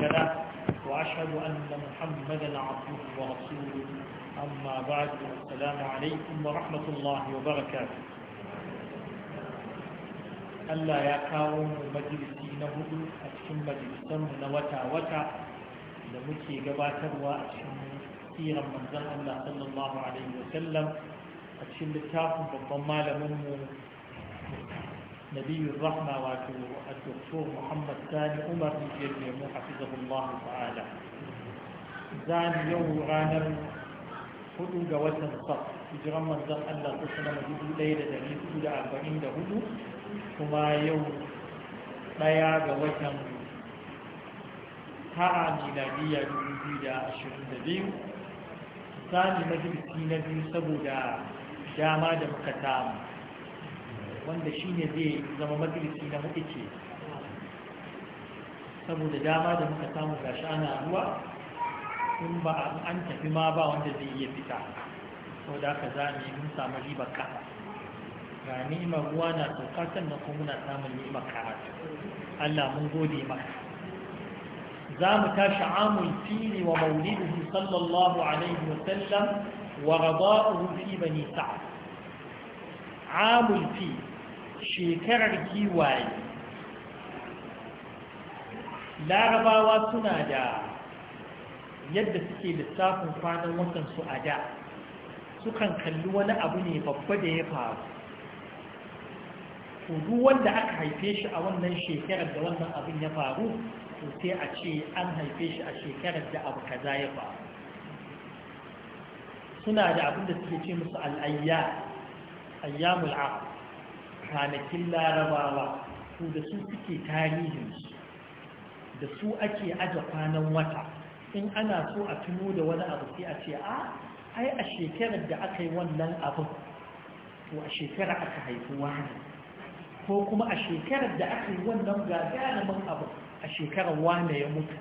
كذا وأشهد أن محمد عبده ورسوله أما بعد السلام عليكم ورحمة الله وبركاته Allah ya kawo mu majalisi na hudu a cikin majalisanmu na wata-wata da muke gabatarwa a cikin siran manzan Allah sallallahu Alaihi wasallam a cikin littafin babban malamin malaminmu نبي الرحمة والدكتور محمد ثاني عمر جرمي حفظه الله تعالى زان يوم رانا هدو صف في جرم من ذا الله تسلم جدو ليلة دليل أولى أربعين دهدو كما يوم ضيا جوات ترى ميلادية جديدة عشرين دبيو ثاني مجلسي نبي سبو دا جامع دمكتام wanda shi ne zai zama majalisi na muke ce saboda dama da muka samu gashi ana ruwa in ba an tafi ma ba wanda zai iya fita sau da aka zane mun samu ribar ka ga ni'imar ruwa na sauka sannan kuma muna samun ni'imar karatu Allah mun gode maka za mu tashi amul fili wa maulidihi sallallahu alaihi wa sallam wa rada'uhu fi bani sa'ad عام الفيل shekarar kiwaye larabawa suna da yadda suke lissafin kwanan watansu a da sukan kalli wani abu ne babba da ya faru duk wanda aka haife shi a wannan shekarar da wannan abin ya faru to sai a ce an haife shi a shekarar da abu kaza ya faru suna da abin da suke ce musu al'ayya ayyamul kwanakin larabawa to da su suke tarihinsu da su ake aje kwanan wata in ana so a tuno da wani abu sai a ce a ah, ai a shekarar da aka yi wannan abin to a shekarar aka haifi wani ko kuma a shekarar da aka yi wannan gagarumin abu a shekarar wani ya mutu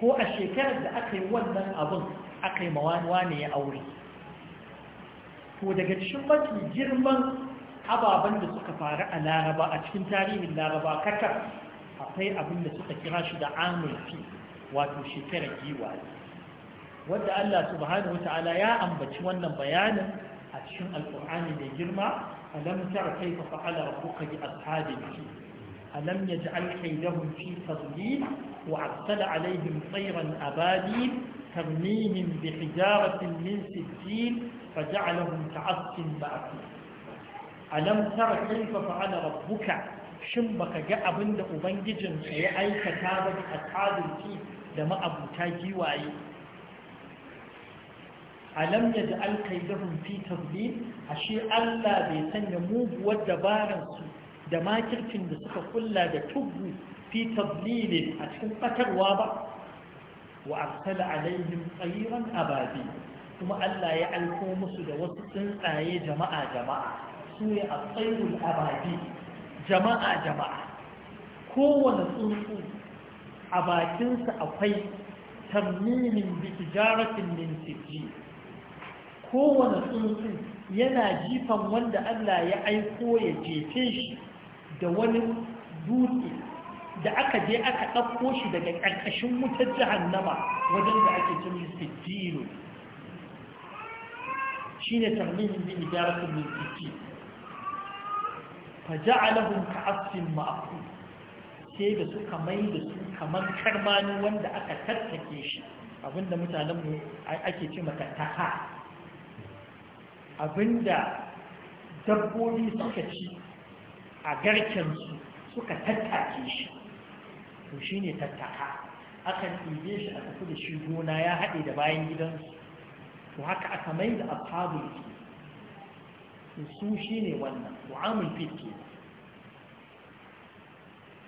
ko a shekarar da aka yi wannan abin aka yi mawane ya aure ko daga cikin mafi girman ababen da suka faru a laraba a cikin tarihin laraba kaka akwai abin da suka kira shi da amurfi wato shekarar giwa wadda Allah subhanahu ya ambaci wannan bayanin a cikin alkur'ani mai girma alam tara kaifa fa'ala rabbuka bi ashabil fil alam yaj'al kaydahum fi tadlil wa arsala alaihim tayran ababil tarmihim bi hijaratin min sijil faj'alahum ka'asfin ba'sih alam tara kaifa fa'ala rabbuka shin baka ga abin da ubangijin ka ya aikata ba da ashabul da ma'abuta giwaye alam yaj'al kaidahum fi tadlil ashe Allah bai sanya muguwar dabaran su da makircin da suka kulla da tubbu fi tadlil a cikin fatarwa ba wa arsala alaihim tsayiran ababi kuma Allah ya alko musu da wasu tsuntsaye jama'a jama'a su a tsayul abadi jama'a jama'a kowane tsuntsu a bakinsa akwai tammimin bitijaratin min kowane tsuntsu yana jifan wanda Allah ya aiko ya jefe shi da wani dutse da aka je aka ɗauko shi daga ƙarƙashin wutar jahannama wajen da ake cin sijjino shi ne tarmihin bin faja'alahum ka'asfin ma'qul sai da suka mai da su kamar karmani wanda aka tattake shi abinda mutanenmu ake ce maka taha abinda dabbobi suka ci a garken su suka tattake shi to ne tattaka akan ɗibe shi a tafi da shi gona ya haɗe da bayan gidansu to haka aka mai da ashabul su shi ne wannan wa'amul fit kenan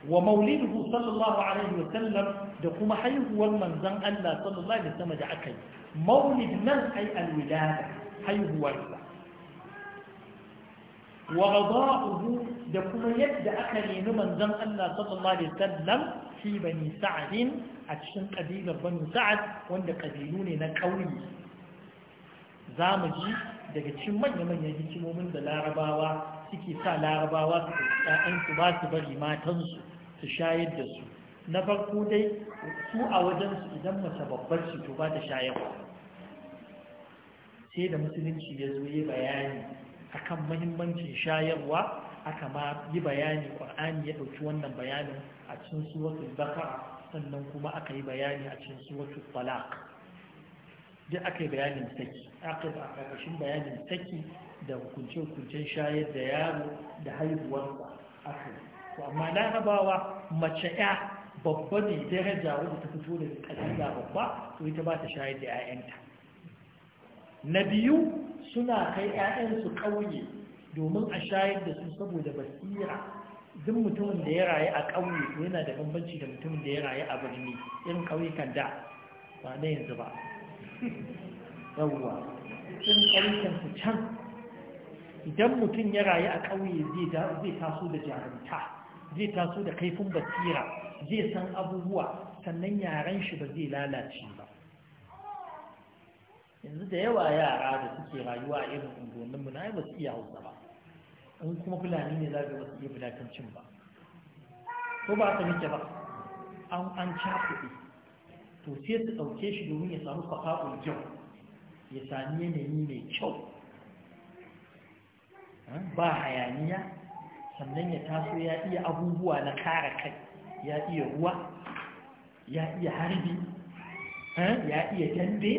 wa maulidu sallallahu alaihi wa sallam da kuma haihuwar manzon Allah sallallahu alaihi wa da aka yi maulid nan ai alwilada haihuwarsa wa rada'uhu da kuma yadda aka nemi manzon Allah sallallahu alaihi wa fi bani sa'd a cikin kabilar bani sa'd wanda kabilu ne na kauye zamu ji daga cikin manya-manyan hikimomin da larabawa suke sa larabawa su ɗa'yansu ba su bari matansu su shayar da su na farko dai su a wajensu idan mace babbar su to ba ta shayarwa sai da musulunci ya zo yi bayani akan mahimmancin shayarwa aka ma yi bayani ƙwar'ani ya ɗauki wannan bayanin a cikin suwatul bakara sannan kuma aka yi bayani a cikin suwatul talaq duk aka yi bayanin saki aka yi ƙarƙashin bayanin saki da hukunce-hukuncen shayar da yaro da haihuwarsa aka yi to amma larabawa mace ya babba ne daraja wadda ta fito da kabila babba to ita ba ta shayar da 'ya'yanta na biyu suna kai 'ya'yansu ƙauye domin a shayar da su saboda basira duk mutumin da ya rayu a ƙauye to yana da bambanci da mutumin da ya rayu a birni irin ƙauye kan da ba na yanzu ba yawwa irin ƙauyukan su can idan mutum ya rayu a ƙauye zai taso da jarumta zai taso da kaifin basira zai san abubuwa sannan yaren shi ba zai lalace ba yanzu da yawa yara da suke rayuwa a irin unguwanninmu na ba su iya hausa ba in kuma fulani ne za ga ba su iya ba ko ba ta nake ba an cakuɗe to sai su ɗauke shi domin ya samu fasa'ul kyau ya sami yanayi mai kyau ba hayaniya sannan ya taso ya iya abubuwa na kara kai ya iya ruwa ya iya harbi ya iya dambe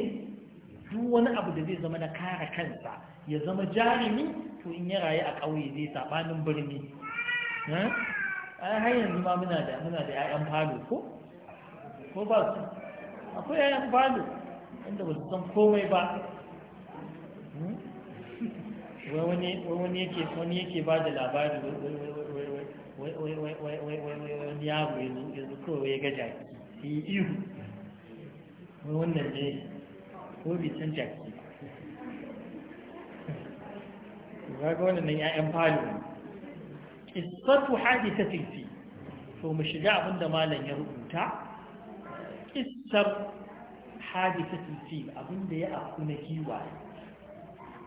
duk wani abu da zai zama na kare kansa ya zama jarumi to in ya rayu a ƙauye zai sabanin birni har yanzu ma muna da muna da falo ko ko ba su akwai 'ya'yan falo inda ba su san komai ba hmm? wani yake ba da labari wani yaro ya zo kowai ya gaja yi iyu wani wannan ne ko bi san jaki ba ga wannan ya'yan falo isfatu hadisa tilfi to mu shiga abinda malam ya rubuta isar ta tilfi abinda ya afku na kiwaye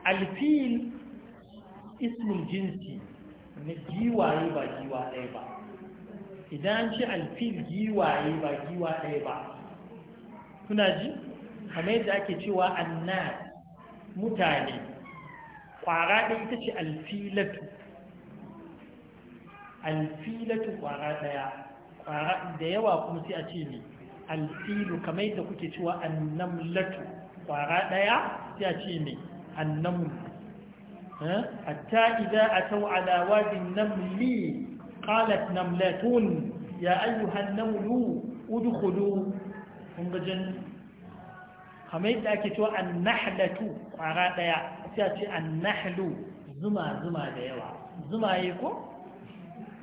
alfil ismin jinsi na giwaye ba giwa ɗaya ba idan an ce alfil giwaye ba giwa ɗaya ba kuna ji kamar yadda ake cewa annas mutane ƙwara ɗaya ita ce alfilatu alfilatu ƙwara ɗaya ƙwara da yawa kuma sai a ce ne alfilu kamar yadda kuke cewa annamlatu ƙwara ɗaya sai a ce ne annamlu hatta idza ataw ala wadi an-namli qalat namlatun ya ayyuha an-namlu udkhulu kungajan kamar yadda ake cewa an-nahlatu kwara ɗaya, sai a ce an-nahlu zuma zuma da yawa zuma yi ko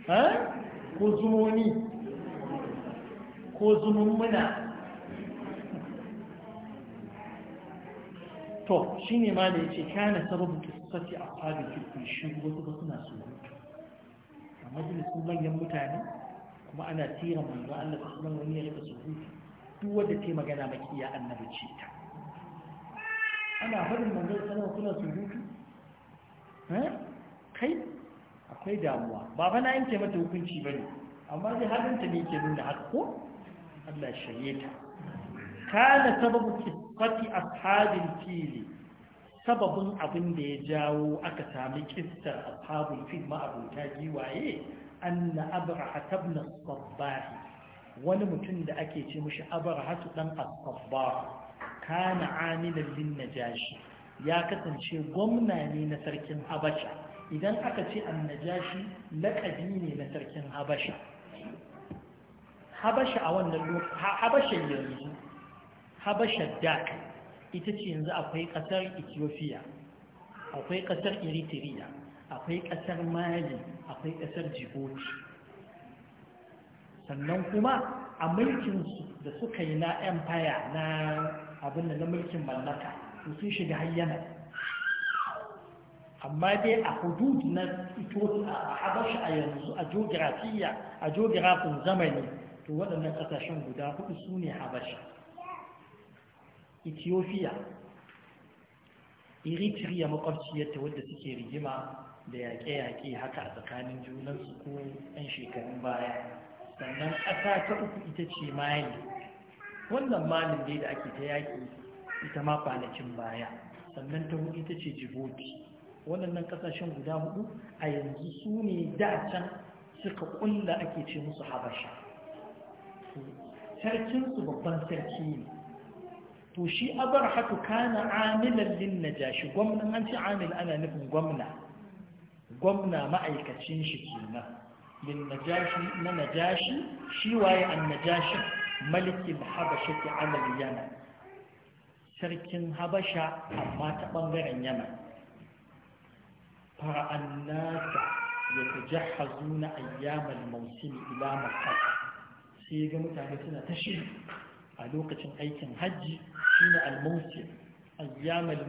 ha ko zumoni ko zumummuna to shine ma da yace kana sababu suka a ashabin kirki shi wasu ba suna so a majalisun manyan mutane kuma ana tira manzo Allah ta sunan wani ya rika surutu duk wanda ta magana makiya annabi ce ta ana faɗin manzo sanar kuna surutu eh? kai akwai damuwa ba fa na yanke mata hukunci ba ne amma dai halinta ne ke nuna haka ko Allah shirye ta kana sababu kisfati ashabin fili sababin abin da ya jawo aka sami kistar ashabul fil ma'abuta giwaye anna abraha ibn as-sabbah wani mutum da ake ce mishi abraha dan as-sabbah kana amilan lin najashi ya kasance gwamna ne na sarkin habasha idan aka ce annajashi laƙabi ne na sarkin habasha habasha a wannan lokacin habasha yanzu habasha da ita ce yanzu akwai ƙasar ethiopia akwai ƙasar eritrea akwai ƙasar mali akwai ƙasar djibouti sannan kuma a mulkinsu da suka yi na empire na abin da na mulkin mallaka sun shiga hayyana amma dai a hudud na a habashi a yanzu a geografiya a geografin zamani to waɗannan ƙasashen guda hudu su ne habasha ethiopia eritrea makwabciyarta wadda suke rigima da yaƙe-yaƙe haka a tsakanin junansu ko 'yan shekarun baya sannan ƙasa ta uku ita ce mali wannan malin dai da ake ta yaƙi ita ma kwanakin baya sannan ta hudu ita ce djibouti waɗannan ƙasashen guda hudu a yanzu su ne can suka ƙulla ake ce musu habasha sarkinsu babban sarki ne to shi abar haka kana amilan lin najashi gwamnan an ce amil ana nufin gwamna gwamna ma'aikacin shi kenan lin najashi na najashi shi waye an najashi malikin habasha ke alal yana sarkin habasha amma ta bangaren yana fara'an nasa ya ta jahazuna ayyamal mausili ila makar sai ga mutane suna ta shiri a lokacin aikin hajji shine al-mawsim ayyam al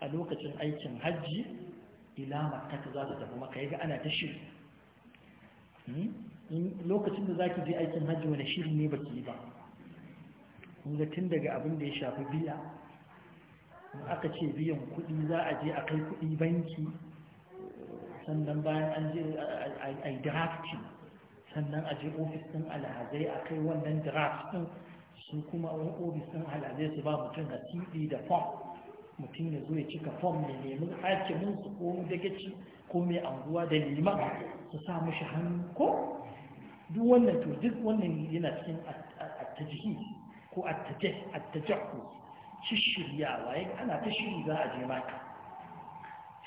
a lokacin aikin hajji ila makka za tafi maka yaga ana ta shiri hmm? lokacin da zaki je aikin hajji wani shiri ne baki ba kun tun daga abin da ya shafi biya aka ce biyan kuɗi za a je a kai kuɗi banki sannan bayan an je a drafting sannan a je ofis ɗin alhazai a kai wannan draft su kuma wani ofis ɗin al'adai su ba mutum a cd da fom mutum ya zo ya cika fom mai nemi hakimin su ko dagaci ko mai anguwa da lima su sa mushi hannu ko duk wannan to duk wannan yana cikin attajihi ko attajahu shishiryawa ana ta shiri za a je maka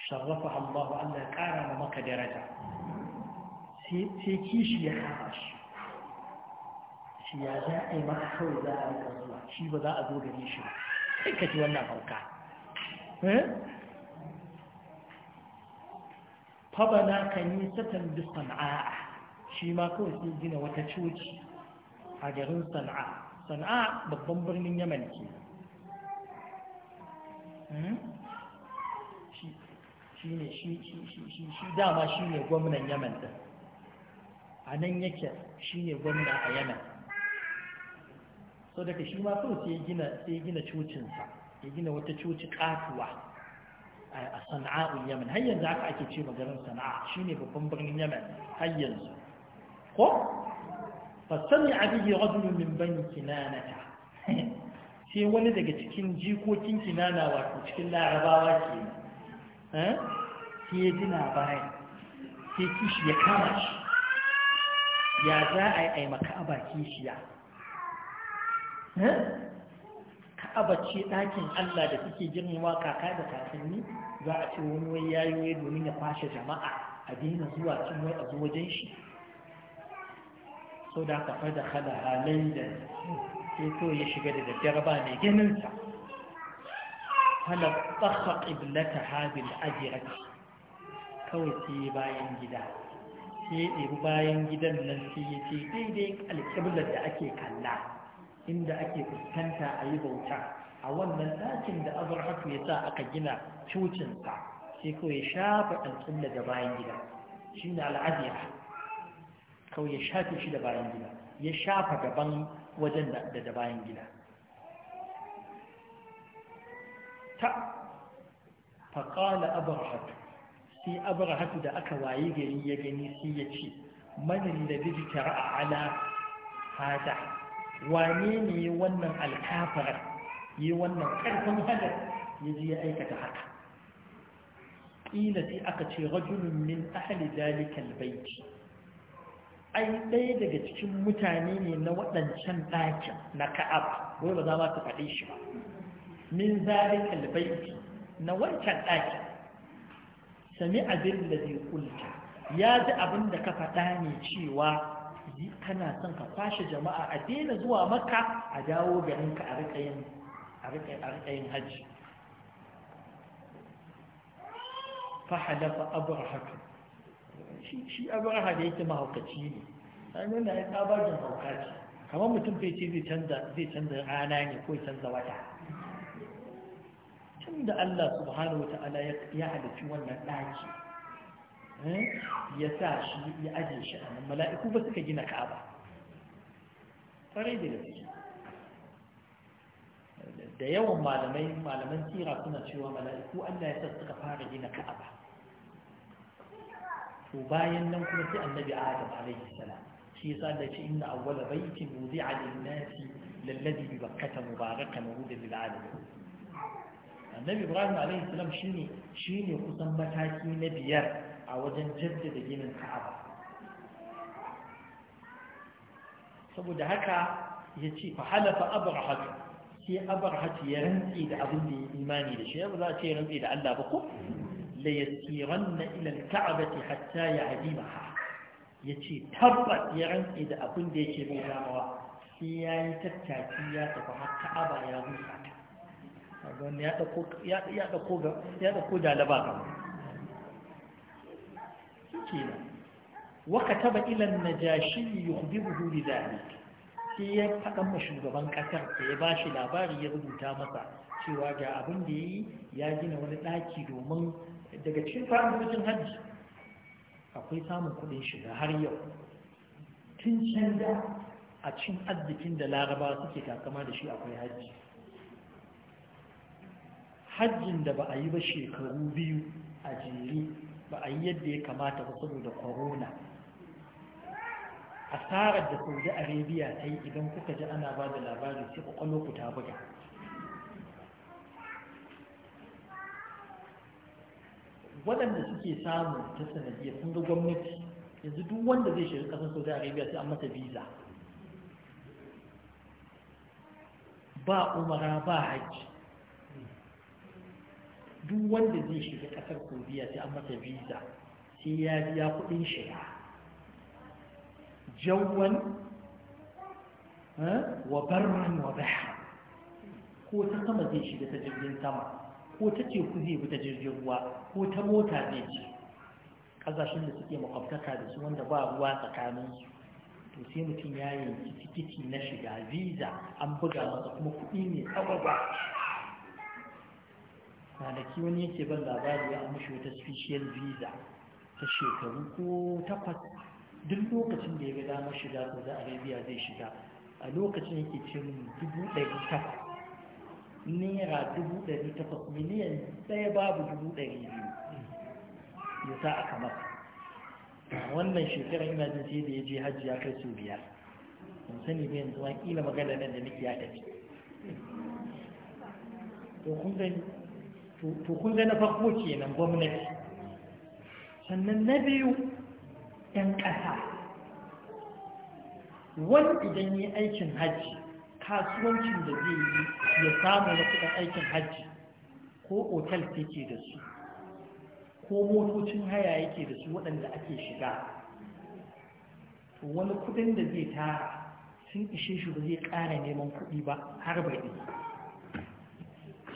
sharrafa Allah Allah ya kara ma maka daraja sai kishi ya kama shi shi ya za a yi maka kawai za a rika zuwa shi ba za a zo da shi ba sai ka ji wannan hauka eh? fabana satan da sana'a shi ma kawai sun gina wata coci a garin sana'a sana'a babban birnin yaman ke hmm? shi ne shi dama shi ne gwamnan yaman din a nan yake shi ne gwamna a yaman so daga shi ma kawai sai gina sai gina cocinsa ya gina wata coci kasuwa a sana'a'un yaman har yanzu aka ake ce garin sana'a shine babban birnin yaman har yanzu ko fasami abihi rajulun min bani kinanata sai wani daga cikin jikokin kinana wato cikin larabawa ke eh? sai ya gina bayan sai kishi ya kama shi ya za a yi aimaka a baki shiya Eh? ka'aba ce ɗakin Allah da suke girmama kaka da kakanni za a ce wani wai yayi wai domin ya fashe jama'a a daina zuwa cin wai a zo wajen shi so da aka fada hada halin da ya shiga da daddare ba mai ganin sa hala tsakha ƙiblata habil ajiyar kawai ce bayan gida sai ɗebi bayan gidan nan sai ya ce daidai alƙiblar da ake kalla inda ake fuskanta a yi bauta a wannan ɗakin da azurhatu ya sa aka gina cucinsa sai kawai ya shafa ɗansun daga bayan gida shi ne al'adiyar kawai ya shafe shi da bayan gida ya shafa gaban wajen da bayan gida ta faƙala abarhatu sai abarhatu da aka waye gari ya gani sai ya ce manin da a ala hada wane ne wannan alkafarar ya wannan karfin hadar ya ji ya aikata haka ƙila sai aka ce rajulun min ahli dalikal baiti ai ɗaya daga cikin mutane ne na waɗancan ɗakin na ka'ab dole za ma ta faɗe shi ba min zalikal baiti na wancan ɗakin sami abin da zai ya ji abin da ka faɗa ne cewa kana son ka kwashe jama'a a daina zuwa makka a dawo garin ka a rika hajji fahalafa abrahatu shi abraha da yake mahaukaci ne a nuna ya tsabarin kamar mutum fai ce zai canza rana ne ko canza wata tun da allah subhanahu wa ta'ala ya halarci wannan ɗaki Hmm? ya sa shi ya aje shi a nan mala'iku ba suka gina ka'aba ƙwarai da gaske da yawan malamai malaman tsira suna cewa mala'iku Allah ya sa suka fara gina ka'aba to bayan nan kuma sai annabi Adam alaihi salam shi yasa da ce inna awwala baiti wudi'a lin-nasi lalladhi bi bakkata mubarakan hudan lil annabi Ibrahim alaihi salam shine shine kusan mataki na biyar a wajen jaddada ginin ka'aba saboda haka ya ce fa halafa abrahatu sai abrahatu ya rantsi da abin da ya imani da shi ba za a ce rantsi da Allah ba ko la yasiranna ila al-ka'bati hatta ya'dimaha yace tabbat ya rantsi da abin da yake bai damawa sai yayi tattaki ya tafi har ka'aba ya rusa ta kaga ya dauko ya dauko ya dauko dalaba kamar kenan wa kataba ila an-najashi yukhbiruhu bi dhalik sai ya fada ma shugaban ƙasar da ya bashi labari ya rubuta masa cewa ga abin da yayi ya gina wani ɗaki domin daga cikin farajojin hajji akwai samun kuɗin shiga har yau tun da a cikin arzikin da laraba suke takama da shi akwai hajji hajjin da ba a yi ba shekaru biyu a jere ba a yi yadda ya kamata ba saboda corona asarar da saudi arabia ta yi idan kuka ji ana ba da labari sai kwakwalo ku ta buga waɗanda suke samu ta sanadiyar sun ga gwamnati yanzu duk wanda zai shiga ƙasar saudi arabia sai an masa visa ba umara ba hajji duk wanda zai shiga ƙasar koriya sai an masa visa sai ya biya kuɗin shiga jawwan eh, wa barran wa bahar ko ta sama zai shiga ta jirgin sama ko ta teku zai bi ta jirgin ruwa ko ta mota zai ce ƙasashen da suke makwabtaka da su wanda ba ruwa tsakaninsu to sai mutum ya yanki tikiti na shiga visa an buga masa kuma kuɗi ne tsawaba kwanaki wani yake ban labari ya amushi wata special visa ta shekaru ko takwas duk lokacin da ya ga damar shiga a rabiya zai shiga a lokacin yake ce mun dubu ɗari takwas naira dubu ɗari takwas miliyan ɗaya babu dubu ɗari biyu ya sa aka masa wannan shekarar ina jin sai da ya je hajji ya kai su biyar ban sani ba yanzu wani magana nan da nake ya tafi to kun gani to kun ga na farko kenan gwamnati sannan na biyu 'yan ƙasa wani idan yi aikin hajji kasuwancin da zai yi ya samu wasu ɗan aikin hajji ko otal yake da su ko motocin haya yake da su waɗanda ake shiga wani kudin da zai tara sun ishe shi ba zai ƙara neman kuɗi ba har bai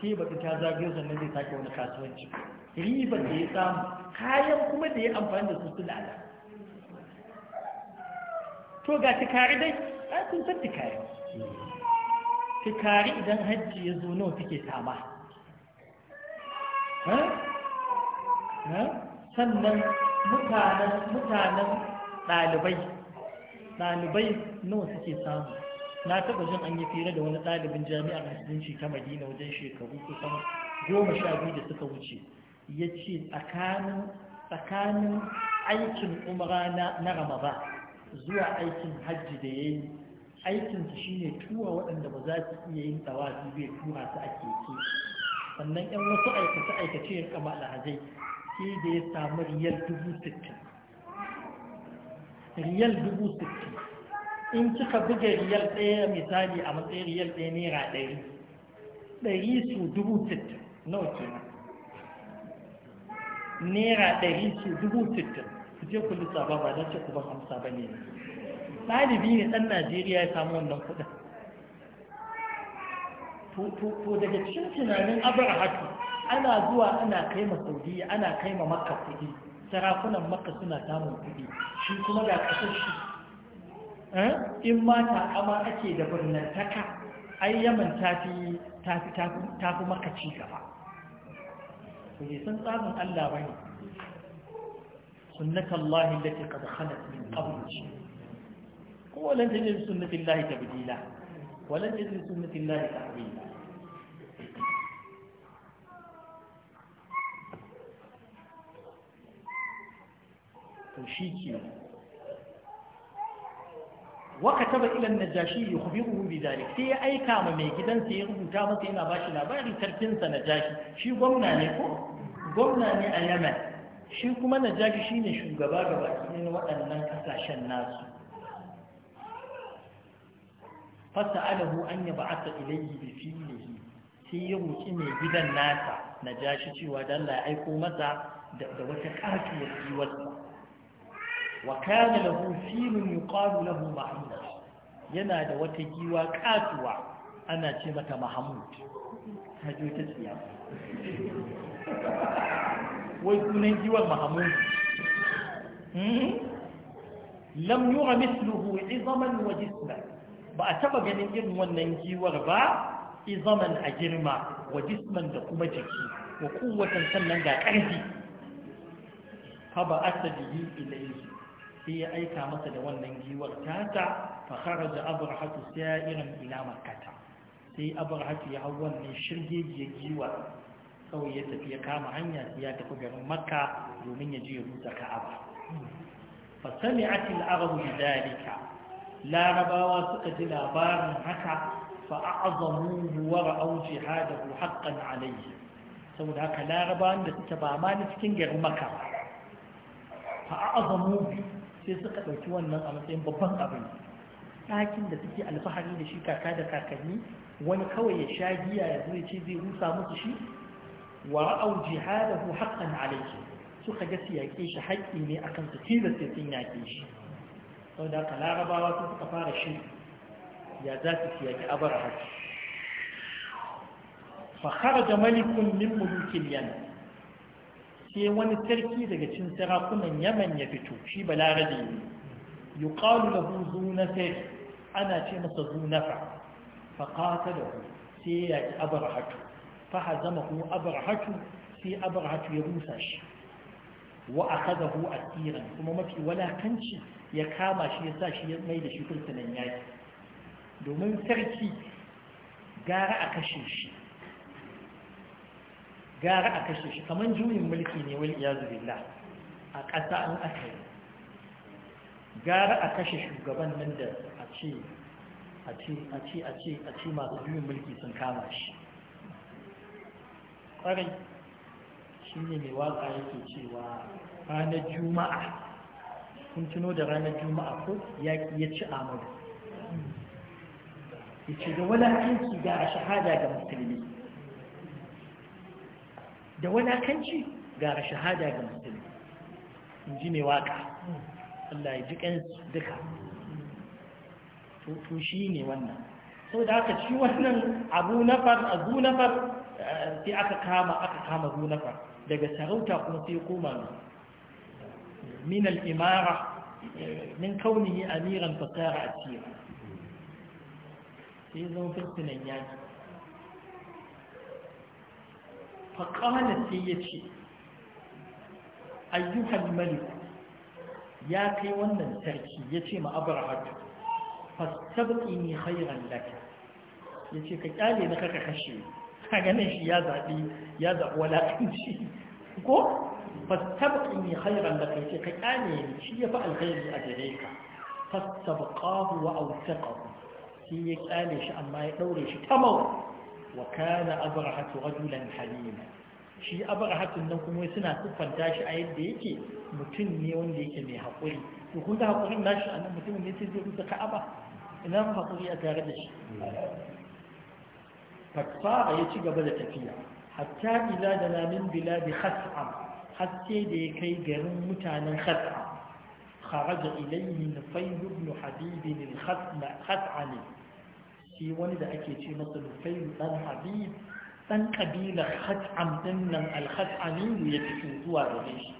sai ba ta zagayo sannan zai sake wani kasuwanci riba da ya samu kayan kuma da ya amfani da su su lada to ga tikari dai a sun san tikari tikari idan hajji ya zo nawa suke sama sannan mutanen ɗalibai ɗalibai nawa suke samu na taba jin an yi fira da wani ɗalibin jami'ar musulunci ta madina wajen shekaru kusan goma sha biyu da suka wuce ya ce tsakanin aikin umara na ramaba zuwa aikin hajji da ya yi aikinsa ne tura waɗanda ba za su iya yin su bai tura su a keke sannan yan wasu aikace aikace ya kama alhazai sai da ya samu riyal dubu sittin dubu sittin in kika buga riyal ɗaya misali a matsayin riyal ɗaya naira ɗari ɗari su dubu sittin nawa kenan naira ɗari su dubu sittin ku je ku lissafa ba don ce ku ban amsa ba ne ɗalibi ne ɗan najeriya ya samu wannan kuɗin to daga cikin tunanin abrahatu ana zuwa ana kai ma saudiya ana kai ma makka kuɗi sarakunan makka suna samun kuɗi shi kuma ga ƙasar shi Eh? in ma amma ake da birnantaka ai yaman fi tafi tafi maka ci gaba to ne san tsarin Allah bane sunnatullahi allati qad khalat min qabl ko lan ta bidila tabdila wa lan tajid ta ta'wila to shi ke وكتب إلى النجاشي يخبره بذلك في أي كام ميكدن سيغب كام سينا باشي لاباري تركنس نجاشي شي قمنا نيكو قمنا ني أيمن شي كما نجاشي شي نشو قبا قبا كنين وأنن كساش الناس فسأله أن يبعث إليه بفيله سيغب كني جدا ناسا نجاشي شي ودلا أيكو متى da wata ƙarfiyar jiwarsa wa kana lahu filun yuqalu lahu mahmud yana da wata giwa katuwa ana ce mata mahmud ta jo ta tsiya wai sunan giwar mahmud hmm? lam yura izaman wa jisman ba a taba ganin irin wannan giwar ba izaman a girma wa jisman da kuma jiki wa kuwatan sannan ga ƙarfi haba asabihi ilayhi sai ya aika masa da wannan giwar tata fa kharaja abrahatu sa'iran ila makkata sai abrahatu ya hau wannan shirgejiyar giwa kawai ya tafi ya kama hanya sai ya tafi garin makka domin ya je ya rusa ka'aba fa sami'atil arabu bidalika larabawa suka ji labarin haka fa a'azamuhu wa ra'aw jihadahu haqqan alayhi saboda haka larabawan da suka ba ma cikin garin makka fa a'azamuhu sai suka ɗauki wannan a matsayin babban abin ɗakin da suke alfahari da shi kaka da kakanni wani kawai ya sha giya ya zo ce zai rusa musu shi wa ra'au jihadahu haqqan alayhi suka ga siyake shi haƙƙi ne akan su tilas sai sun yaƙe shi saboda haka larabawa sun suka fara shi ya za su siyake abara haƙƙi fa kharaja malikun min mulukin yana sai wani sarki daga cin sarakunan yaman ya fito shi balarabe ne yuqalu lahu zunafir ana ce masa zunafa fa hu sai ya abarhatu fa hazamahu abarhatu sai abarhatu ya rusa shi wa akhadahu asiran kuma mafi walakanci ya kama shi ya sa shi ya mai da shi kurtunan yaki domin sarki gara a kashe shi gara a kashe shi kamar juyin mulki ne wani iyazu billah a ƙasa an aka yi gara a kashe shugaban nan da a ce a ce a ce a ce masu juyin mulki sun kama shi ƙwarai shi ne mai waƙa yake cewa ranar juma'a kun tuno da ranar juma'a ko ya ci amadu ya ce da wani hanci ga shahada ga musulmi da walakanci gara shahada ga musulmi in ji mai waka Allah ya ji kansu duka to shi ne wannan so da aka ci wannan abu nafar abu nafar eh, sai aka kama aka kama abu nafar daga sarauta kuma sai koma min al'imara. Eh, min min ne amiran fasara asira sai zan fitinan yaki فقالت هي شيء أيها الملك يا كيوان التركي يتي ما أبرهت فاستبقيني خيرا لك يتي كتالي نكاك خشي أنا شي يا ذعبي يا ذعب ولا أمشي فاستبق اني خيرا لك يتي كتالي شي يفعل الخير لأجريك فاستبقاه وأوثقه هي قال لي شان ما يدوري شي تمام وكان أبرحة رجلا حليما شيء أبرحة أنكم ويسنا كفاً تاش آيات ديكي متن نيون ديكي مي حقوري يقول حقوري ماشي أنا متن نيتي ديكي ديكي أنا إنهم حقوري أتاردش فكفار يتي قبل تفيا حتى إذا دنا من بلاد خسعة حتى ديكي قرن متانا خسعة خرج إليه نفيد بن حبيب الخسعة shi wani da ake ce masa lufayn dan habib ɗan kabilar hat'am din nan al-hat'ami ya fito zuwa gare shi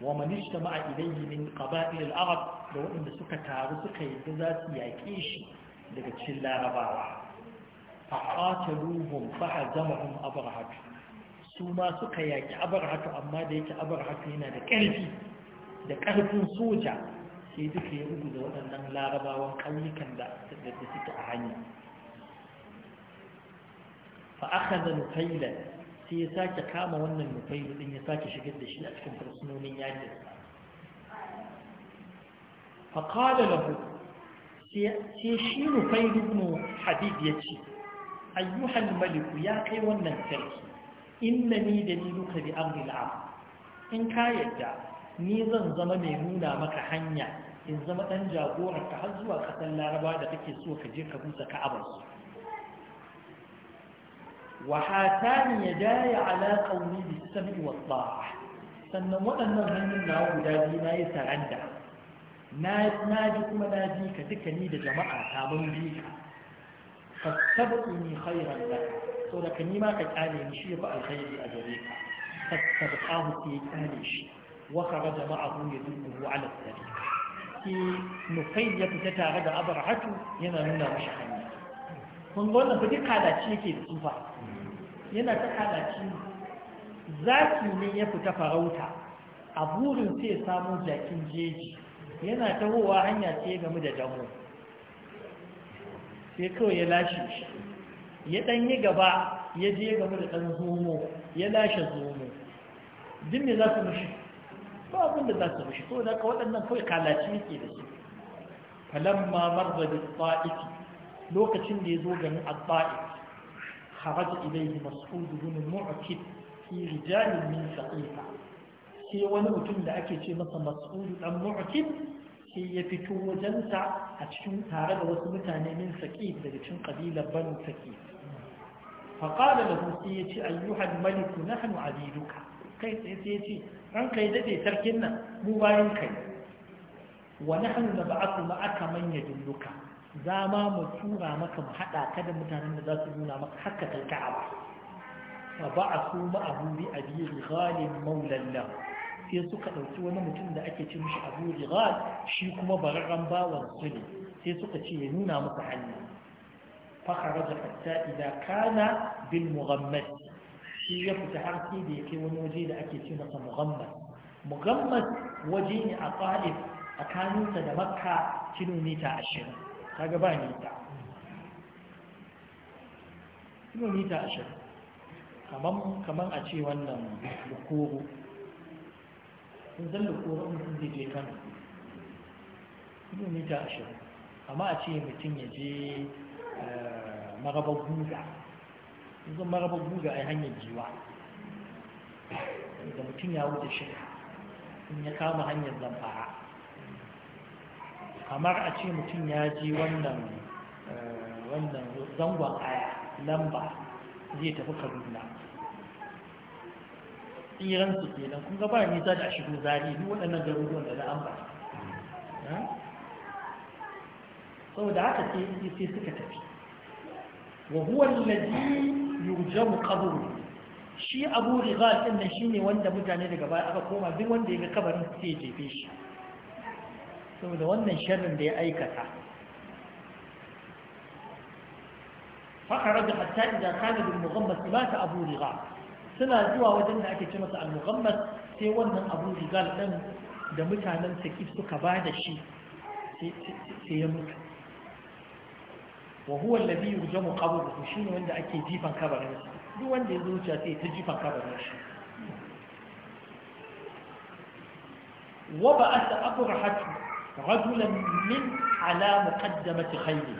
wa man ishtama'a ilayhi min qaba'il al-arab da waɗanda suka taru suka yi da zasu yaƙe shi daga cikin larabawa fa qataluhum fa hazamahum abrahat su ma suka yaki abarhatu amma da yake abrahat yana da ƙarfi da ƙarfin soja sai duka ya rubu da waɗannan larabawan ƙauyukan da suke a hanyar fa akhadha nufaila, sai ya sake kama wannan nufayl din ya sake shigar da shi a cikin fursunonin yakin fa qala lahu sai shi nufayl ibn habib ya ce, Ayyuhan malik ya kai wannan sarki innani daliluka bi abu la'am. in ka yadda ni zan zama mai nuna maka hanya in zama ɗan jagorar ka har zuwa ƙasar laraba da kake so ka je ka busa ka'abar su وحاتان يداي على قولي بالسمع والطاعة sannan waɗannan hannun nawa guda biyu na yi saranda na ji kuma na ji ka da jama'a ta mun ka fastabu ni khairan da so da ka nima ka kyale ni shi alkhairi a gare ka fastabu ahu ke kyale shi jama'a ya fita tare da abarhatu yana nuna mashi hanya yake tsufa yana ta halaci zaki ne ya fita farauta a burin sai samun jakin jeji yana ta tahowa hanya ce game da damu. sai kawai ya lashe shi ya yi gaba ya je game da ɗan zomo ya lashe zomo din ne za su mushi ba abin da za su mushi ko da ka waɗannan kawai kalaci yake da su falamma marzabi tsa'ifi lokacin da ya zo ganin a tsaif خرج إليه مسعود بن معكب في رجال من سقيفة sai wani mutum da ake ce masa mas'udu dan mu'kim sai ya fito wajensa a cikin tare da wasu mutane min saqif daga cikin kabilar banu saqif fa qala lahu sai ya ce ayyuha al-malik nahnu abiduka kai sai sai ya ce ran kai dade sarkin nan mu bayan kai Wani wa ba nab'athu aka man yadulluka za ma mu tura maka mu haɗa ka da mutanen da za su nuna maka haka ta ka'aba fa ba a su ma'ahu bi abi sai suka ɗauki wani mutum da ake ce mishi abu shi kuma bararren bawan su ne sai suka ce ya nuna maka hanya fa da hatta kana bil Muhammad, shi ya fita har sai da yake wani waje da ake ce masa Muhammad. Muhammad waje ne a Talib a kanunsa da Makka kilomita ashirin kaga ba mita kilomita ashirin kamar a ce wannan lukuru sun zan lukuru mutum zai je kano kilomita ashirin amma a ce mutum ya je eh, marabar guga zan marabar guga a hanyar jiwa da mutum ya wuce shi in ya kama hanyar zamfara kamar a ce mutum ya ji wannan eh, wannan zangon aya lamba zai tafi kaduna ke nan kun gaba ba za da shigo zari duk waɗannan garuruwan da na ambata eh? saboda haka sai suka tafi wa huwa allazi yurjamu qabru shi abu rigal din nan shine wanda mutane daga baya aka koma duk wanda ya ga kabarin sai ya jefe shi saboda wannan shirin da ya aikata fakaraja hatta idan kana bil mughammas mata abu riga suna zuwa wajen da ake ce masa al mughammas sai wannan abu riga din da mutanen sakif suka ba da shi sai ya mutu wa huwa alladhi yurjamu qabruhu shine wanda ake jifan kabarin shi? duk wanda ya zo zuciya sai ta jifan kabarin shi وبعث أبرحته rajulan min ala muqaddamati khayri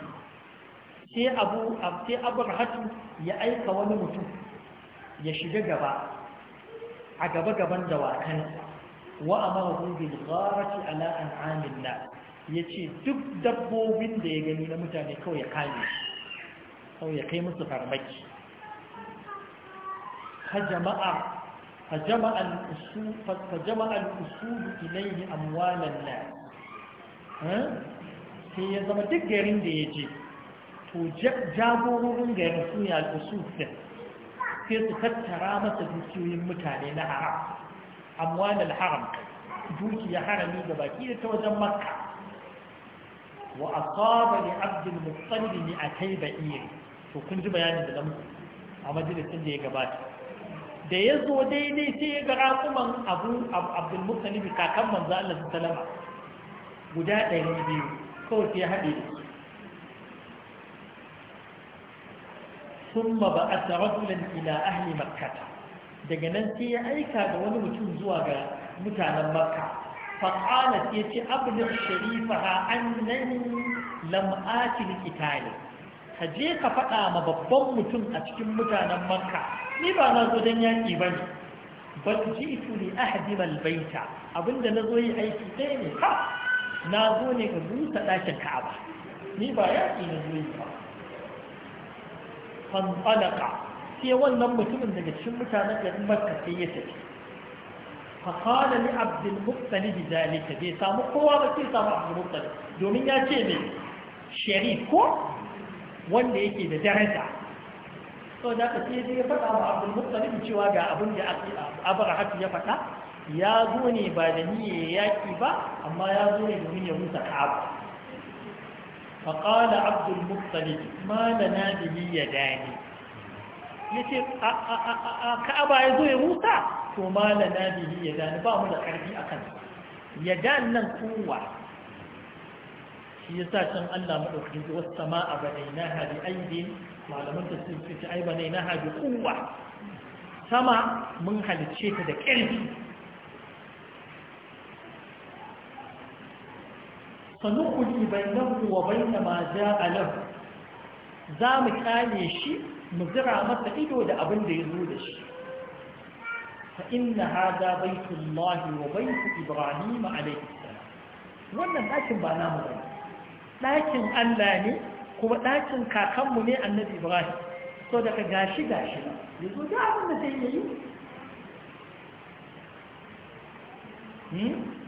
sai abu sai abrahatu ya aika wani mutum ya shiga gaba a gaba gaban dawakan wa amara bil gharati ala an'amin nas yace duk dabbobin da ya gani na mutane kawai ya kame kawai ya kai musu farmaki فجمع الأسود إليه أموال الناس Eh? sai ya zama duk garin da ya je to jagororin garin su ne al'usufin sai su tattara masa dukiyoyin mutane na haram amma da haram dukiya harami da baki da ta wajen makka wa asaba li abdul a ni ba ba'ir to kun ji bayanin da namu a majalisun da ya gabata da ya zo daidai sai ya ga raƙuman abu abdul muttalib kakan manzo Allah guda ɗari biyu kawai sai haɗe da sun ma ba a sarakulan ila ahli makkata daga nan sai ya aika ga wani mutum zuwa ga mutanen makka faƙala sai ce abin sharifa ha an nan lam'atin itali ka je ka faɗa ma babban mutum a cikin mutanen makka ni ba na zo don yaƙi ba ne bal ji'tu li ahdima albayta abinda nazo yi aiki ɗaya ne ha na zo ne ka rusa ɗakin ka'aba ni ba yaƙi na zo ba fanfalaka sai wannan mutumin daga cikin mutanen garin makka sai ya tafi fakala ni abdul muqtali bi zalika bai samu kowa ba sai samu abdul muqtali domin ya ce ne sharif ko wanda yake da daraja Sau da ka sai ya faɗa wa abdul muqtali cewa ga abin da abrahat ya faɗa ya zo ne ba da niyyar yaƙi ba amma ya zo ne domin ya rusa ka'aba faƙala abdul muttalib ma lana bihi Ya ce a ka'aba ya zo ya rusa to ma lana bihi yadani ba mu da ƙarfi akan yadan nan kuwa shi ya sa can Allah madaukakin ji wasu sama'a banainaha bi aidin malaman tafsir ce ai banainaha bi Kowa sama mun halicce ta da ƙarfi فنقضي بينه وبين ما جاء له زام كاني شيء مزرع متقيد ولا أبن يزود شيء فإن هذا بيت الله وبيت إبراهيم عليه السلام wannan ɗakin ba namu ba ɗakin Allah ne kuma ɗakin kakanmu ne annabi Ibrahim so daga gashi gashi ya zo da zai yi hmm?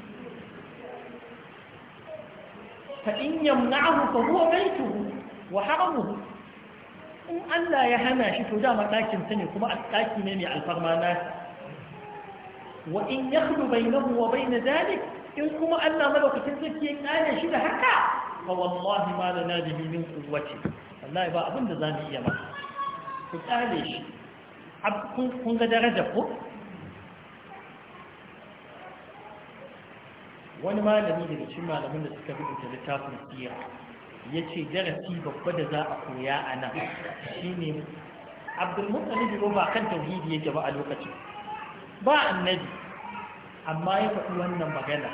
fa in yamna'ahu fa huwa baituhu wa haramuhu in Allah ya hana shi to dama ɗakin sa ne kuma a ɗaki ne mai alfarma na wa in yakhlu bainahu wa bain zalik in kuma Allah madaukakin sarki ya kare shi da haka fa wallahi ma lana bihi wallahi ba iya ku shi ga daraja ko wani malami daga cikin malamin da suka rubuta littafin siya ya ce darasi babba da za a koya a nan shine abdulmuttalib ba kan tauhidi yake ba a lokacin ba annabi amma ya faɗi wannan magana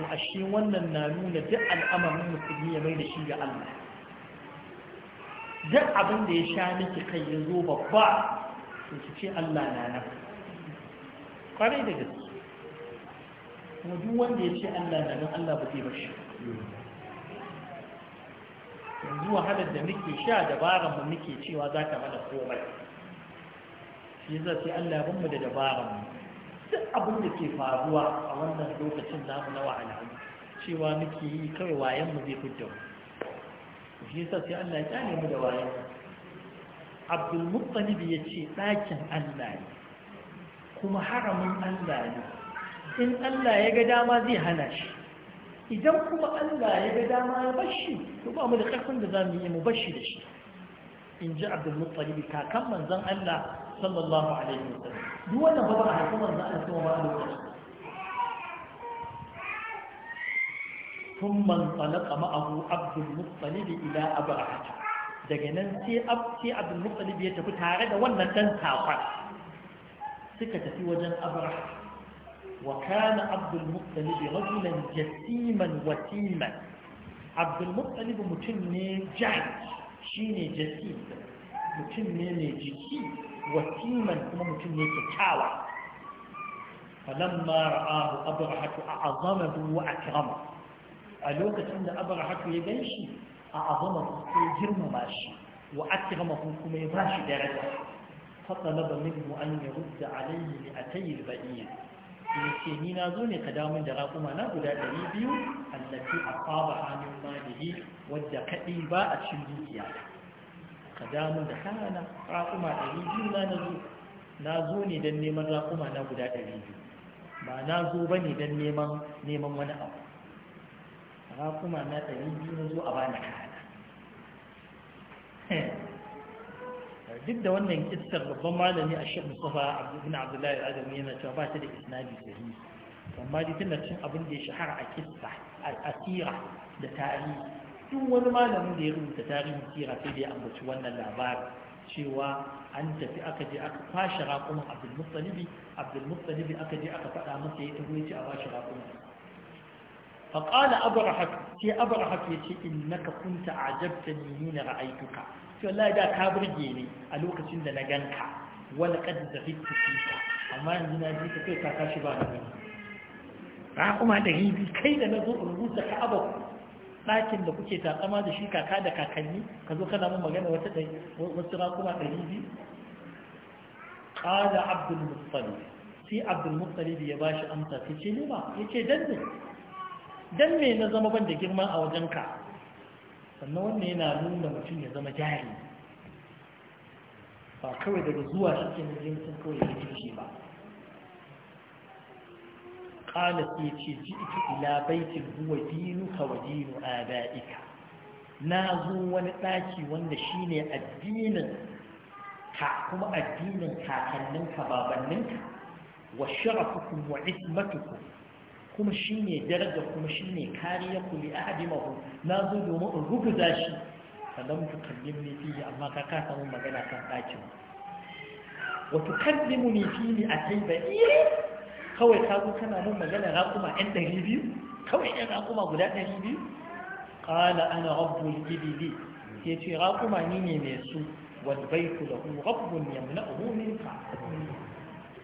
to ashe wannan na nuna duk al'amarin musulmi ya mai da shi ga Allah duk abin da ya sha miki kai ya zo babba to ce Allah na nan kwarai da gaske kuma duk wanda ya ce Allah na nan Allah ba zai bar shi yanzu wahalar da muke sha dabaran mu muke cewa za ta mana komai shi yasa sai Allah ban mu da dabaran mu duk abin da ke faruwa a wannan lokacin da namu na wahala cewa muke yi kai wayan mu zai fitta mu shi yasa sai Allah ya kyale mu da wayan mu Abdul Muttalib ya ce ɗakin Allah ne kuma haramin Allah ne in Allah ya ga dama zai hana shi idan kuma Allah ya ga dama ya bashi to ba mu da karfin da zamu yi mu bashi da shi in ji Abdul Muttalib kakan manzon Allah sallallahu alaihi wa wasallam duk wannan ba ba haka manzon Allah sallallahu alaihi wasallam ثم انطلق معه عبد المطلب الى ابرهه daga nan sai Abdul abdulmuttalib ya tafi tare da wannan dan safa suka tafi wajen abraha وكان عبد المطلب رجلا جسيما وتيما عبد المطلب متن جعد شيني جسيم متن جسيم وتيما كما متن كتاوى فلما رآه أبرهة أعظمه وأكرمه ألوك سنة أبرهة يبنشي أعظمه يجرم ماشي وأكرمه كما يباشي درجة فطلب منه أن يرد عليه لأتي البئير ya ni na zo ne ka damun da raƙuma na guda ɗari biyu allafi a ƙaba hannun malihi wadda kaɗi ba a cikin dukiya ka damun da kana raƙuma ɗari biyu na na zo na zo ne don neman raƙuma na guda ɗari biyu ba na zo ba ne don neman wani abu raƙuma na ɗari biyu na zo a bani kana duk da wannan kissar babban malami a shi mustafa ibn abdullahi adami yana cewa ba ta da isnadi sahihi amma dai tana cin abin da ya shahara a kissa a asira da tarihi duk wani malamin da ya rubuta tarihin sira sai da ya ambaci wannan labarin cewa an tafi aka je aka kwashe raƙumin abdulmuttalibi abdulmuttalibi aka je aka faɗa masa ya tafi ya ce a kwashe raƙumin فقال أبرحك في أبرحك يتي إنك كنت أعجبتني من رأيتك ce wallahi da ka burge ni a lokacin da na ganka wani kad da fitu fika amma yanzu na ji ka kai ka tashi ba da gani ra kuma da ribi kai da na zo in ka ka'aba ɗakin da kuke takama da shi kaka da kakanni ka zo kana mun magana wata ɗai wasu raƙuma ɗari biyu ƙala abdul muttalib sai abdul muttalib ya ba shi amsa sai ce ne ba ya ce dan ne dan ne na zama ban da girma a wajenka sannan wannan yana nuna mutum ya zama jari ba kawai daga zuwa shi ke nan kawai ya ce ba ƙala sai ce ji ita ila baitin huwa ka wa dinu aba'ika na zo wani ɗaki wanda shi ne addinin ka kuma addinin kakanninka babanninka wa sharafukum wa ismatukum kuma shi ne daraja kuma shi ne kariya ku li ahadimahu na zo domin in rubuta shi salam tu kallimni fihi amma ka ka samu magana kan dakin wa tukallimuni fihi atayba eh! kawai ka zo kana mun magana raƙuma ɗan ɗari biyu kawai ɗan raƙuma guda ɗari biyu ƙala ana rabbul ibili ya ce raƙuma ni ne mai su wal baitu lahu rabbun yamna'uhu minka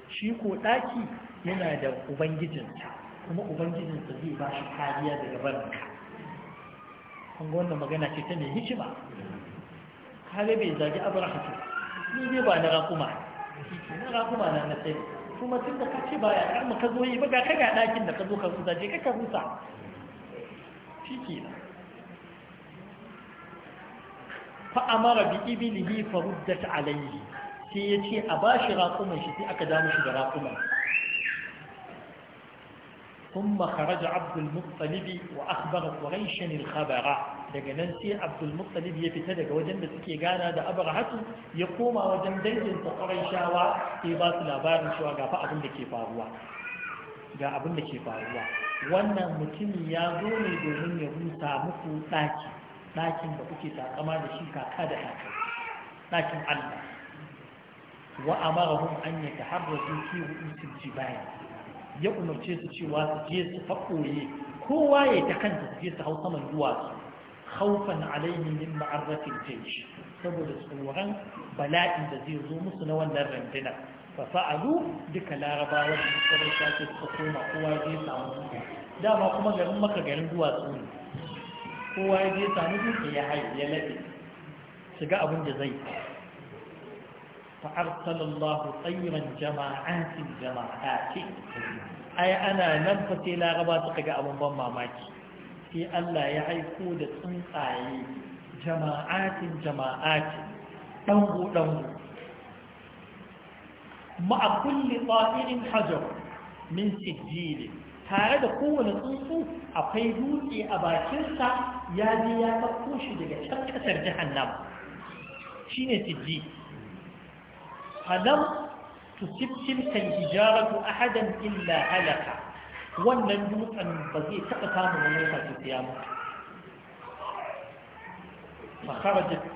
shi ko ɗaki yana da ubangijinsa kuma ubangijinsa zai ba shi kariya daga barinka kun ga wannan magana ce ta mai hikima kare bai zagi abraha ce ni ne ba na rakuma na rakuma na na sai kuma tun da kace ba ya karma ka zo yi ba ga ga dakin da ka zo ka rusa je ka rusa shikenan fa amara bi ibilihi fa ruddat alayhi sai yace a bashi rakuman shi sai aka damu shi da rakuman ثم خرج عبد المطلب وأخبر قريشا الخبر daga nan sai Abdul ya fita daga wajen da suke gana da Abrahatu ya koma wajen dangin sa Qurayshawa sai ba su labarin cewa ga fa da ke faruwa wannan mutumin ya zo ne domin ya rusa muku daki dakin da kuke takama da shi kaka da kaka dakin Allah wa amarahum an yataharrazu fi ru'usil jibal ya umarce su cewa su je su faɓoye kowa ya ta kanta su je su hau saman duwatsu haufan alaihi min ma'arrafin jaish saboda tsoron bala'in da zai zo musu na wannan rundunar fa fa'alu duka larabawa da tsoron shafi su koma kowa zai samu duka dama kuma garin maka garin duwatsu ne kowa ya je samu duka ya haifi ya laɓe su ga abin da zai فأرسل الله خيرا جماعات الجماعات أي أنا نفت إلى غباتك أبو بما ماكي في ألا يعيقود تنقعي جماعات جماعات دنغو دنغو مع كل طائر حجر من سجيل tare da kowane tsuntsu akwai dutse a bakinsa ya je ya ɗauko shi daga can ƙasar jihannama shi ne sijji فلم tusib tilkan hijaratu ahadan illa halaka wannan dutsen ba zai taɓa samun wani sashi ya mutu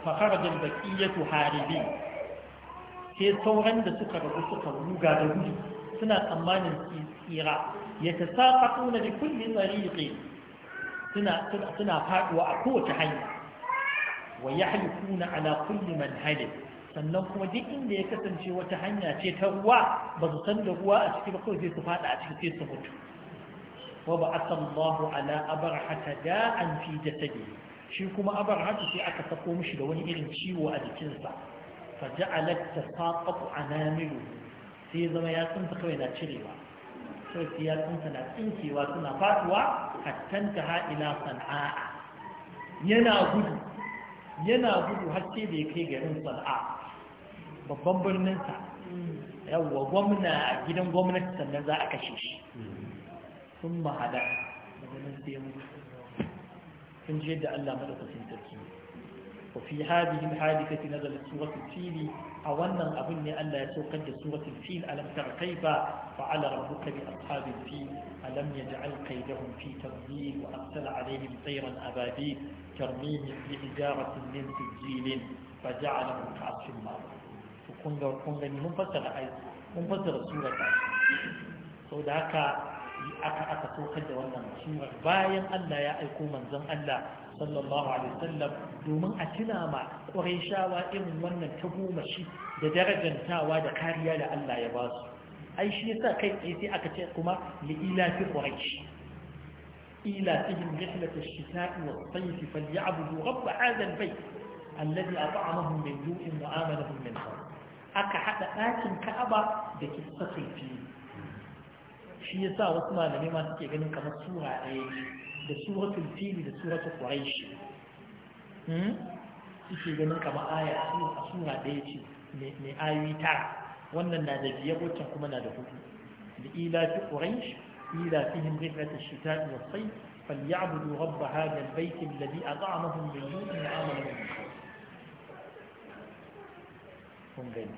fakarajar baƙiyyatu haribi sai sauran da suka rabu suka ruga da gudu suna tsammanin tsira ya ta sa faɗo na da kullum tsariƙe suna faɗuwa a kowace hanya wa ya halittu na ala kulli manhajin sannan kuma duk inda ya kasance wata hanya ce ta ruwa ba su san da ruwa a ciki ba kawai sai su fada a ciki sai su mutu wa ba a san ala da an fi shi kuma abarhata sai aka sako mishi da wani irin ciwo a jikinsa fa ja'alat tasaqatu anamilu sai zama ya tsinta kawai na cirewa sai ya tsinta na tsinkewa suna fatuwa hatta ta ila sana'a yana gudu yana gudu har sai da ya kai garin sana'a babban birninsa yawwa gwamna gidan gwamnati sannan za a kashe shi sun mahada daga nan sai mutu sun ji yadda Allah madaukakin sarki wa fi hadhihi alhadithati nazalat suratul fil a wannan abin ne Allah ya saukar da suratul fil alam tara kaifa fa'ala rabbuka bi ashabil fil alam yaj'al qaydahum fi tadlil wa arsala alayhim tayran ababil tarmihim bi hijaratin min sijilin فجعلهم كعصف معروف kun ga gani mun fassara ai mun fassara surar ta so da haka aka aka tokar da wannan surar bayan Allah ya aiko manzon Allah sallallahu alaihi wasallam domin a tuna ma Qurayshawa irin wannan ta goma shi da darajantawa da kariya da Allah ya ba su ai shi yasa kai tsaye sai aka ce kuma li ila fi quraish إيلافهم رحلة الشتاء والصيف فليعبدوا رب هذا البيت الذي أطعمهم من جوع وآمنهم من خوف aka haɗa ɗakin ka'aba da kisa saifi shi ya sa wasu malamai ma suke ganin kamar sura ɗaya da suratul fili da suratul quraishi hmm? suke ganin kamar aya a sura ɗaya ce mai ayoyi ta. wannan na da biyar waccan kuma na da hudu da ila fi quraish ila fihim rihlat ash-shita'i was-sayf falyabudu rabb hadha A bayt alladhi at'amahum min ju'in wa amanahum min kun gani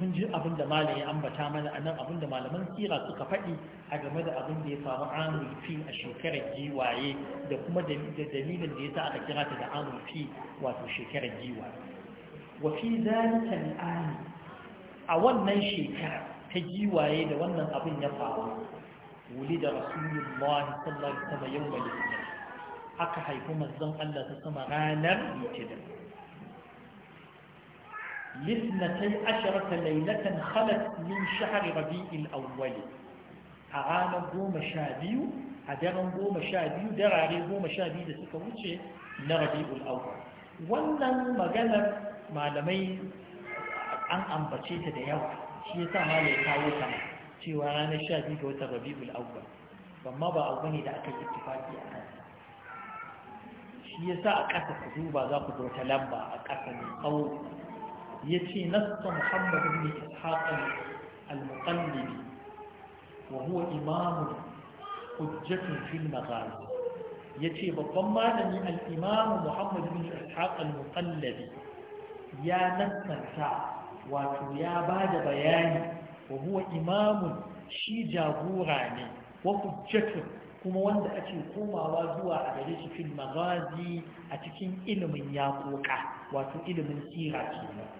kun ji abin da malam ya ambata mana anan abin da malaman tsira suka faɗi a game da abin da ya faru amul fi a shekarar giwaye da kuma dalilin da ya sa aka kira ta da amul fi wato shekarar giwaye wa zalika al'ani a wannan shekara ta giwaye da wannan abin ya faru wuli da rasulullah sallallahu alaihi wasallam yawmal aka haifi manzon Allah ta sama ranar litinin لاثنتي عشرة ليلة خلت من شهر ربيع الأول أعانا a شابيو أدرن قوم شابيو دراري قوم شابيو لسكوتشي نربيع الأول wannan maganar malamai an ambace ta da yawa shi ya sa malai kawo ta cewa ranar sha biyu ga watan rabi'ul awwal amma ba da aka yi ittifaki a kansa shi ya sa a ƙasa ku duba za ku ta lamba a ƙasa mai يتي نص محمد بن إسحاق المقلبي وهو ya حجة في المغازي يتي بالضمانني الإمام محمد بن إسحاق المقلبي ya نص wato ya ba da bayani wa imamun shi jagora ne wa hujjatun kuma wanda ake komawa zuwa a gare shi fil a cikin ilimin yaƙoƙa wato ilimin sira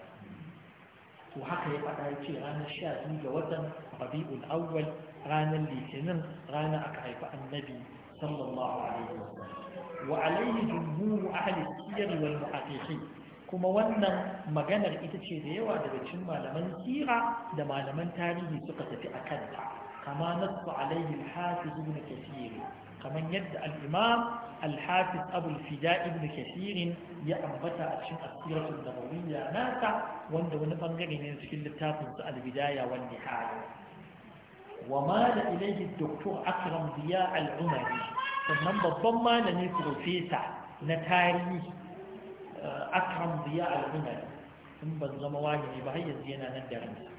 to haka ya faɗa ya ce ranar sha biyu ga watan rabi'ul awwal ranar litinin rana aka haifi annabi sallallahu alaihi wasallam wa alaihi jumhuru ahli siyar wal kuma wannan maganar ita ce da yawa daga cikin malaman sira da malaman tarihi suka tafi a kanta kama nasu alaihi al-hafiz ibn kamar yadda al-imam al-hafiz fida ibn kathirin ya ambata a cikin da nabawiyya nasa wanda wani bangare ne cikin littafin su al-bidaya wan nihaya wa mala ilayhi doktor akram diya al sannan babban malami profesa na tarihi eh, akram diya al in ban zama wani ne ba har yanzu yana nan da ransa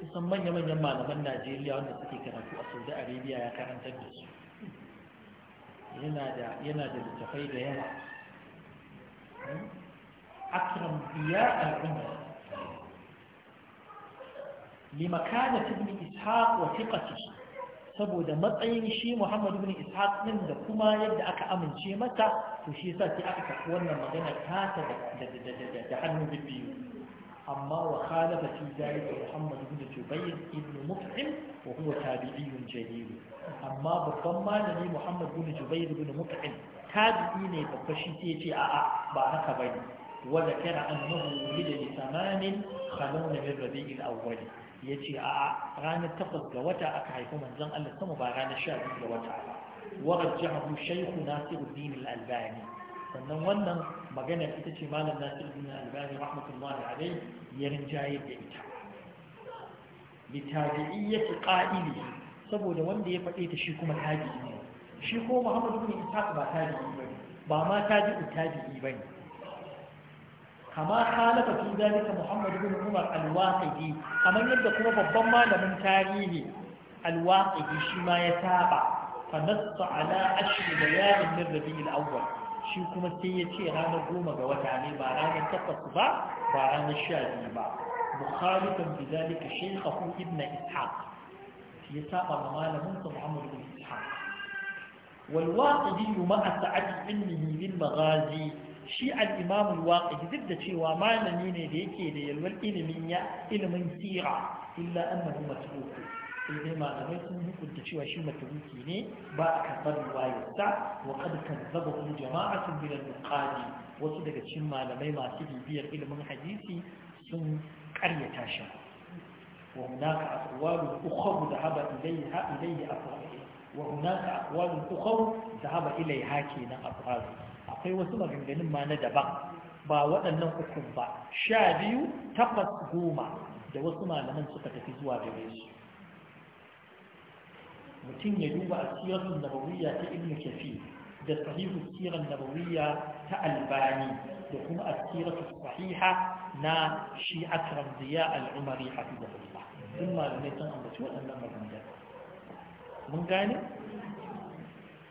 kusan manya-manyan malaman najeriya wanda suke karatu a saudi arabia ya karanta da su yana da littafai da yawa akram biya al'umma limakana ibn ishaq wa thiqatihi saboda matsayin shi Muhammad ibn Ishaq din da kuma yadda aka amince mata to shi yasa sai aka kafa wannan magana ta ta da da da da hannu biyu amma wa khalafa fi zalika Muhammad ibn Jubayr ibn Mut'im wa huwa tabi'iyyun jadid amma babban malami Muhammad ibn Jubayr ibn Mut'im tabi'i ne babba shi sai yace a'a ba haka bane wanda kana da wulid li thamanin khalon min rabi'il awwal yace a'a ranar takwas ga wata aka haifi manzon Allah sama ba ranar sha biyu ga wata ba wa rajjahu shaykhu Nasiruddin al-Albani sannan wannan magana ita ce malam nasir bin albani rahmatullahi alaihi ya rinjaye da ita litabi'iyyati qa'ili saboda wanda ya faɗe ta shi kuma tabi'i ne shi ko muhammadu bin ishaq ba tabi'i bane ba ma tabi'u tabi'i bane kama khalafa fi dalika muhammadu bin umar al-waqidi kamar yadda kuma babban malamin tarihi al-waqidi shi ma ya saba fa nassa ala ashri bayan min rabi'il awwal shi kuma sai ya ce ranar goma ga wata ne ba ranar takwas ba ba ranar sha biyu ba mukhalifan bi zalika shaykhahu ibn ishaq ya saba ma malamin sa Muhammad ibn ishaq wal waqidi ma'a sa'ati ilmihi bil maghazi shi al-imam al-waqidi duk da cewa malami ne da yake da yalwar ilimin ya ilimin sira illa annahu matruk sai dai malamai sun hukunta cewa shi maturuki ne ba a karɓar riwayarsa wa kad kazzaba hu jama'atun min al-nuqadi wasu daga cikin malamai masu bibiyar ilimin hadisi sun ƙaryata shi wa hunaka aqwalu ukhra dhahaba ilayha ilayhi aqwalu wa hunaka aqwalu ukhra dhahaba ilayha kenan aqwalu akwai wasu maganganun ma na daban ba waɗannan uku ba sha biyu takwas goma da wasu malaman suka tafi zuwa gare su mutum ya duba a siyarsun nabawiyya ta ibn kafi da sahihu siran nabawiyya ta albani da kuma a siyarsun sahiha na shi a karamziya al'umari hafizahullah duk malamai sun ambaci waɗannan mun gane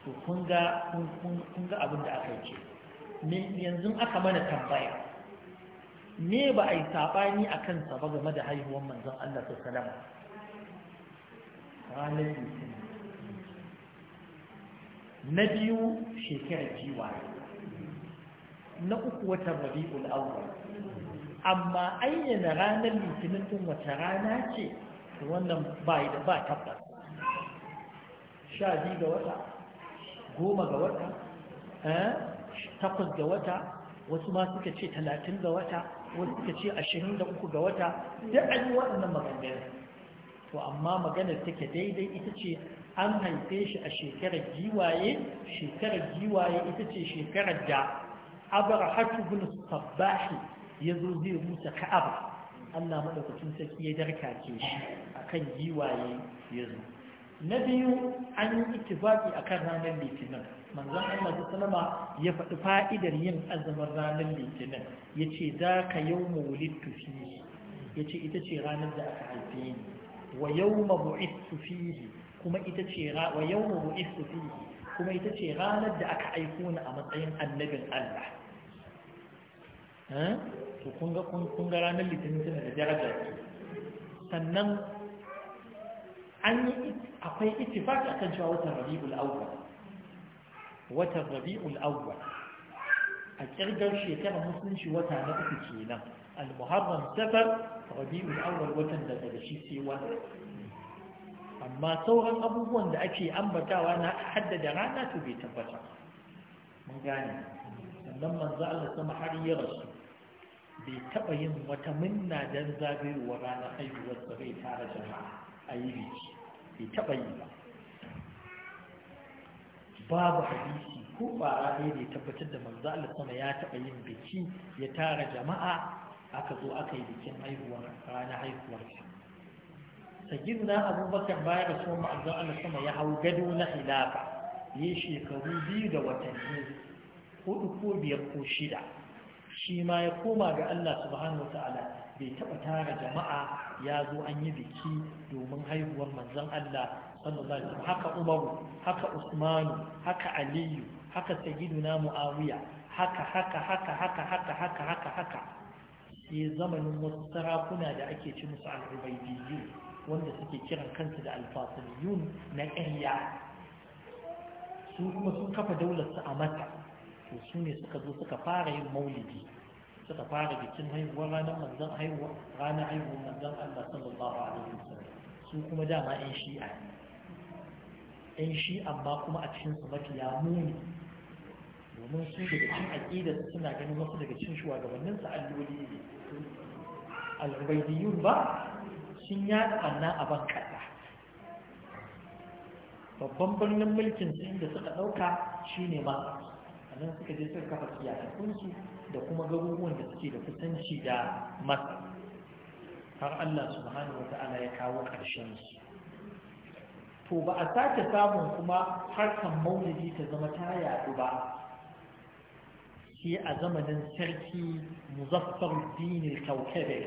to kun ga abin da aka ce yanzu aka mana tambaya me ba a yi saɓani a kansa ba game da haihuwar manzon Allah sallallahu alaihi ranar na biyu shekarar jiwaye na uku watan rabi'ul awwal amma ayyana ranar litinin din wata rana ce wannan bai da ba tabbas sha biyu ga wata goma ga wata eh, takwas ga wata wasu ma suka ce talatin ga wata wasu suka ce ashirin da uku ga wata duk an yi waɗannan maganganun to amma maganar take daidai ita ce an haife shi a shekarar giwaye shekarar giwaye ita ce shekarar da abrahatu bin sabbahi ya zo zai rusa ka'aba allah maɗaukacin sarki ya darkace shi akan giwaye ya zo na biyu an yi itifaki akan ranar litinin manzon Allah ta salama ya faɗi fa'idar yin azumin ranar litinin ya ce za ka yau mawulid tufihi ya ce ita ce ranar da aka haife ni wa yau mabu'id tufihi kuma ita ce wa yawma bu'istu fihi kuma ita ce ranar da aka aiko ni a matsayin annabin Allah eh? to kun ga ranar litinin tana da daraja sannan an yi akwai ittifaki akan cewa watan Rabiul Awwal watan Rabiul Awwal a kirgar shekarar musulunci wata na uku kenan al-Muharram Safar Rabiul Awwal watan da daga shi sai wannan amma sauran abubuwan da ake ambatawa na haddada rana to bai tabbata mun gane sannan manzo Allah sama har ya rasu bai taba yin wata minna dan zagayowa ranar haihuwar sa bai tara jama'a a yi biki bai taba yi ba babu hadisi ko bara ne da ya tabbatar da manzo Allah sama ya taba yin biki ya tara jama'a aka zo aka yi bikin haihuwar rana haihuwar sa sayyidina abubakar baya da soma manzon Allah sama ya hau gado na khilafa yi shekaru biyu da watanni hudu ko biyar ko shida shi ma ya koma ga Allah subhanahu wataala bai taba tara jama'a ya zo an yi biki domin haihuwar manzon Allah haka Umaru haka Usmanu haka Aliyu haka na Muawiya haka haka haka haka haka haka haka haka sai zamanin wasu sarakuna da ake ci musu al'ubaidiyyu wanda suke kiran kansu da alfasiliyun na ƙarya su kuma sun kafa daularsu a mata to su ne suka zo suka fara yin maulidi suka fara bikin haihuwar ranar manzon haihuwa ranar haihuwar manzon Allah sallallahu alaihi wasallam su kuma dama ɗan shi'a ɗan shi'a amma kuma a cikin su ya muni domin su daga cin aƙidar suna ganin wasu daga cin shugabanninsu alloli ne al'ubaidiyun ba sun yaɗa na a ban kaɗa babban birnin mulkin su inda suka ɗauka shi ne ma a nan suka je suka kafa siyasakunsu da kuma garuruwan da suke da kusanci da masa har Allah subhanahu wa ta'ala ya kawo ƙarshen su to ba a sake samun kuma harkar maulidi ta zama ta yaɗu ba shi a zamanin sarki muzaffar dinin kaukebe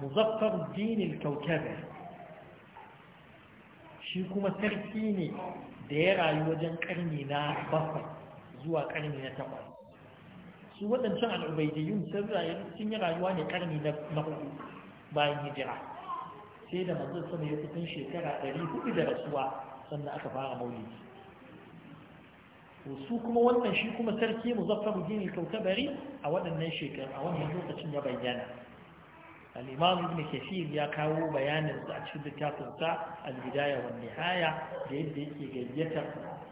muzaffar dinin kaukebe shi kuma sarki ne da ya rayu wajen karni na bakwai zuwa karni na takwas su waɗancan da sun sun yi rayuwa ne karni na hudu bayan hijira sai da manzon sama ya kusan shekara 400 da rasuwa sannan aka fara maulidi to su kuma wannan shi kuma sarki muzaffaru gini kautabari a waɗannan shekaru a wannan lokacin ya bayyana al'imam ibn kafir ya kawo bayaninsa a cikin littafinsa al-bidaya wa nihaya da yadda yake gayyatar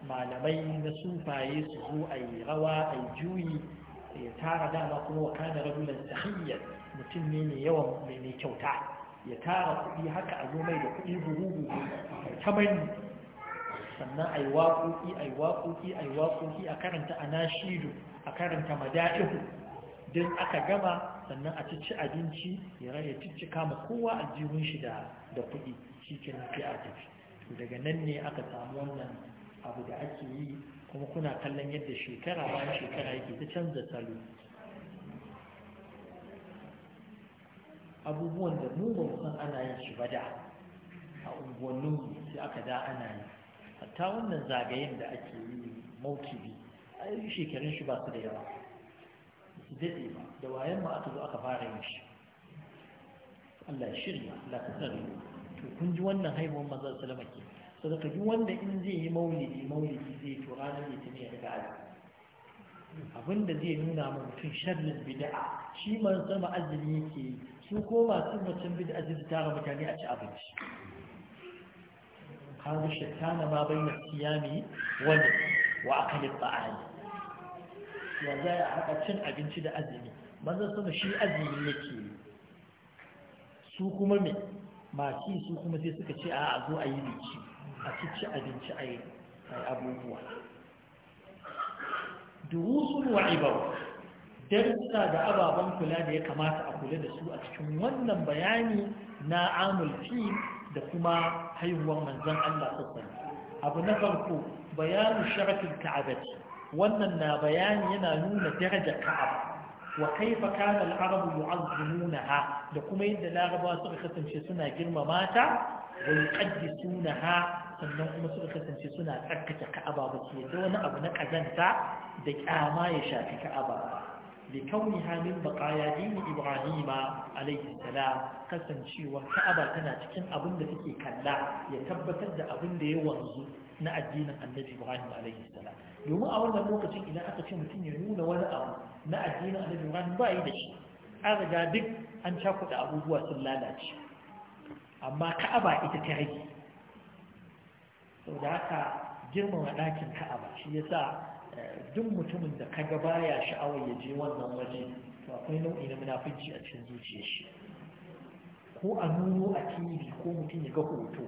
malamai na sufaye su zo a yi rawa a yi juyi ya tara dama kuma wa kana rajulan sahiyya mutum ne mai yawan mai kyauta ya tara kuɗi haka a zo mai da kuɗi buhu buhu ta bari sannan yi waƙoƙi ai waƙoƙi ai waƙoƙi a karanta anashidu a karanta mada'ihu don aka gama sannan a cici abinci ya rage cici kama kowa aljihun shi da kuɗi cikin sai a tafi daga nan ne aka samu wannan abu da ake yi kuma kuna kallon yadda shekara shekara yake ta canza salo abubuwan da mu ba san ana yin shi ba da a unguwannin sai aka da ana yi hatta wannan zagayen da ake yi maukibi a yi shekarun shi ba su da yawa su daɗe ba da wayan ma aka zo aka fara yin shi Allah shirya Allah ta to kun ji wannan haihuwar manzon salama ke sadaka duk wanda in zai yi maulidi maulidi zai to ranar litinin ya daga Abin abinda zai nuna ma mutum sharrin Bida'a, shi man sama azumi yake su ko masu mutum bid'a zai tara mutane a ci abinci kawo shi ta ma bai na siyami wani wa aka yi ba'ani ya za a haɗa cin abinci da azumi maza sama shi azumi ne ke su kuma mai maki su kuma sai suka ce a zo a yi biki a ci abinci a yi abubuwa duru su wa ibau darussa da ababen kula da ya kamata a kula da su a cikin wannan bayani na amul da kuma haihuwar manzon Allah sassan. abu na farko bayanu sharafin ka'abati wannan na bayani yana nuna darajar ka'aba wa kaifa kana al-arabu yu'azzimunaha da kuma yadda larabawa suka kasance suna girmama ta wa yuqaddisunaha sannan kuma suka kasance suna tsarkake ka'aba ba su yadda wani abu na kazanta da kyama ya shafi ka'aba likaunihar min bakaya dini ibrahima alaihi salam kasancewar ka'aba tana cikin abin da suke kalla ya tabbatar da abin da ya wanzu na addinin annabi ibrahim alaihi salam domin a wannan lokacin idan aka ce mutum ya nuna wani abu na addinin annabi ibrahim ba yi da shi an riga duk an cakuɗa abubuwa sun lalace amma ka'aba ita ta rage sau haka girmama ɗakin ka'aba shi yasa duk mutumin da kaga baya sha'awar ya je wannan waje to akwai nau'i na munafici a cikin zuciyar shi ko a nuno a tv ko mutum ya ga hoto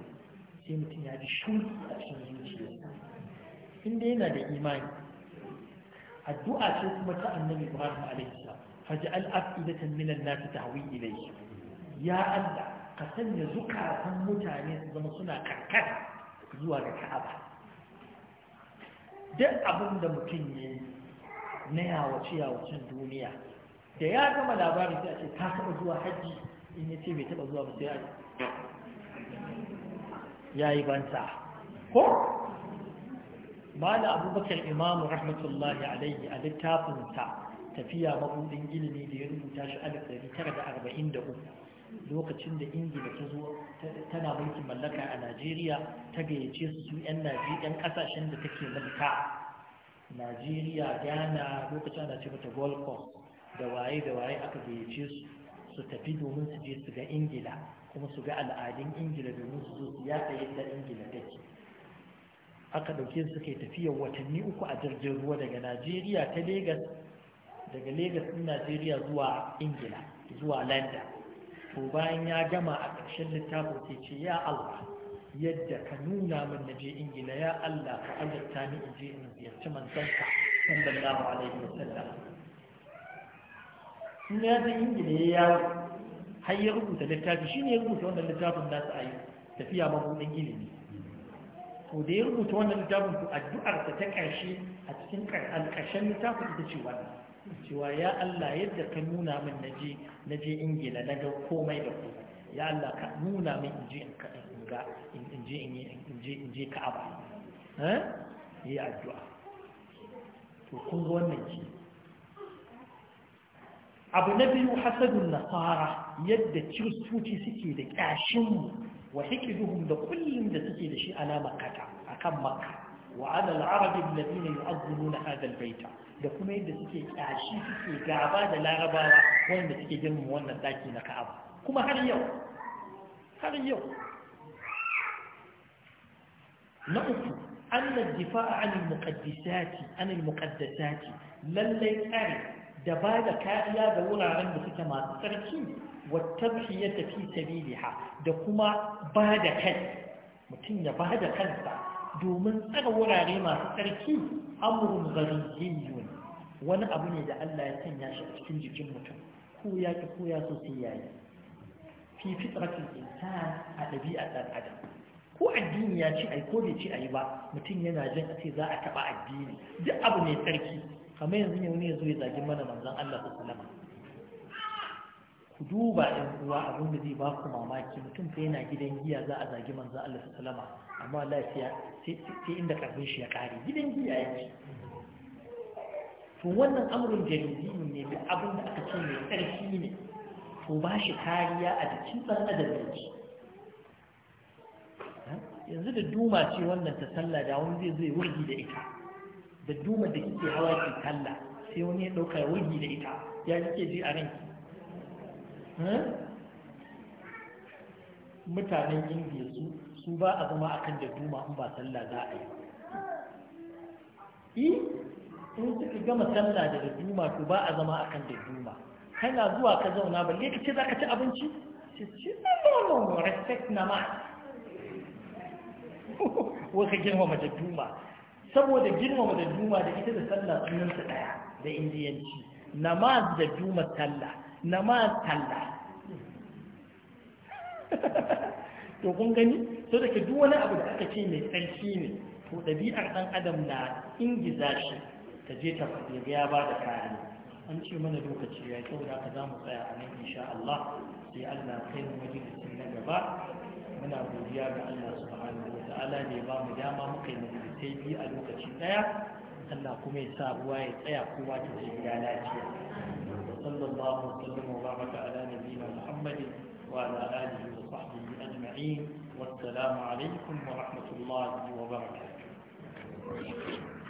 sai mutum ya ji shuri a cikin zuciya inda yana da imani addu'a ce kuma ta annabi ibrahim alaihi salam faj'al afidatan minan nas tahwi ilayhi ya allah ka sanya zukatan mutane su zama suna karkata zuwa ga ka'aba duk abin da mutum ya yi na yawace yawacin duniya da ya gama labarin sai a ce ta taɓa zuwa hajji in ya ce bai taɓa zuwa ba sai ya yi banta ko mala abubakar imamu rahmatullahi alaihi a littafinsa tafiya mabudin ilimi da ya rubuta shi alif 1943 lokacin da ingila ta zo tana mulkin mallaka a najeriya ta gayyace su su 'yan yan kasashen da take mulka najeriya ghana lokacin ana ce mata gold coast da waye da waye aka gayyace su su tafi domin su je su ga ingila kuma su ga al'adun ingila domin su zo su yadda ingila take aka ɗauke su ke tafiyar watanni uku a jirgin ruwa daga najeriya ta Legas, daga Legas ɗin najeriya zuwa ingila zuwa london to bayan ya gama a ƙarshen littafin ke ce ya Allah yadda ka nuna min na je ingila ya Allah ka azurta ni in je in ziyarci manzanka sallallahu alaihi wa sallam in ya je ingila ya yawo har ya rubuta littafi shine ya rubuta wannan littafin nasu a yi tafiya ma mabuɗin ilimi to da ya rubuta wannan littafin to addu'arsa ta ƙarshe a cikin ƙarshen littafin ita ce wannan cewa ya Allah yadda ka nuna min naje naje ingila na ga komai da ku, ya Allah ka nuna min in je in ka in ga in je in je in ka ka'aba eh yi addu'a to kun ga wannan ki abu na biyu hasadun nasara yadda kiristoci suke da kashin mu wa hikiduhum da kullum da suke da shi alama kata akan makka وعلى العرب الذين يعظمون هذا البيت da kuma yadda suke kyashi suke gaba da larabawa wanda suke girmama wannan daki na ka'aba kuma har yau har yau na uku an difa'a an al an al lallai lalle tsare da ba da kariya ga wuraren da suke masu tsarki wa tabhiyata fi sabiliha da kuma ba da kai mutum ya ba da kansa domin tsara wurare masu tsarki amurin gariyin wani abu ne da Allah ya sanya shi a cikin jikin mutum ko ya ki ko ya so sai ya yi fi fitratul insan a ɗabi'a ɗan adam ko addini ya ci ai ko bai ci ayi ba mutum yana jin a ce za a taɓa addini duk abu ne tsarki kamar yanzu ne wani ya zo ya zagi mana manzon Allah sallallahu alaihi ku duba ɗan uwa abin da zai ba ku mamaki mutum fa yana gidan giya za a zagi manzan Allah sallama amma lafiya sai inda karfin shi ya kare gidan giya ya ce to wannan amurin jaridi ne da abin da aka ce mai ƙarfi ne to ba shi kariya a jikin ɗan adam yanzu da duma ce wannan ta sallah da wani zai zai wurgi da ita da duma da kike hawa ke talla sai wani ya ɗauka ya wurgi da ita ya kike ji a ranki mutanen indiya su su ba a zama akan da duma in ba sallah za a yi eh, in suka gama sallah da duma to ba a zama akan da duma kana zuwa ka zauna ba, ka ce za ka ci abinci ce ce no no no respect na ma wai ka girmama da duma saboda girmama da duma da ita da sallah sunansa daya da indiyanci namaz da duma sallah namaz sallah to kun gani so da ke duk wani abu da aka ce mai tsarki ne to ɗabi'ar ɗan adam na ingiza shi ta je ta faɗi ya ba da an ce mana lokaci ya yi da aka za mu tsaya a nan insha Allah sai Allah kai mu majalisin na gaba muna godiya ga Allah subhanahu wa ta'ala ne ba mu dama muka yi majalisai biyu a lokaci ɗaya Allah kuma ya sa ruwa ya tsaya kowa ta ce ya lafiya sallallahu alaihi wa sallam wa baraka ala nabiyina muhammadin wa ala alihi أجمعين والسلام عليكم ورحمة الله وبركاته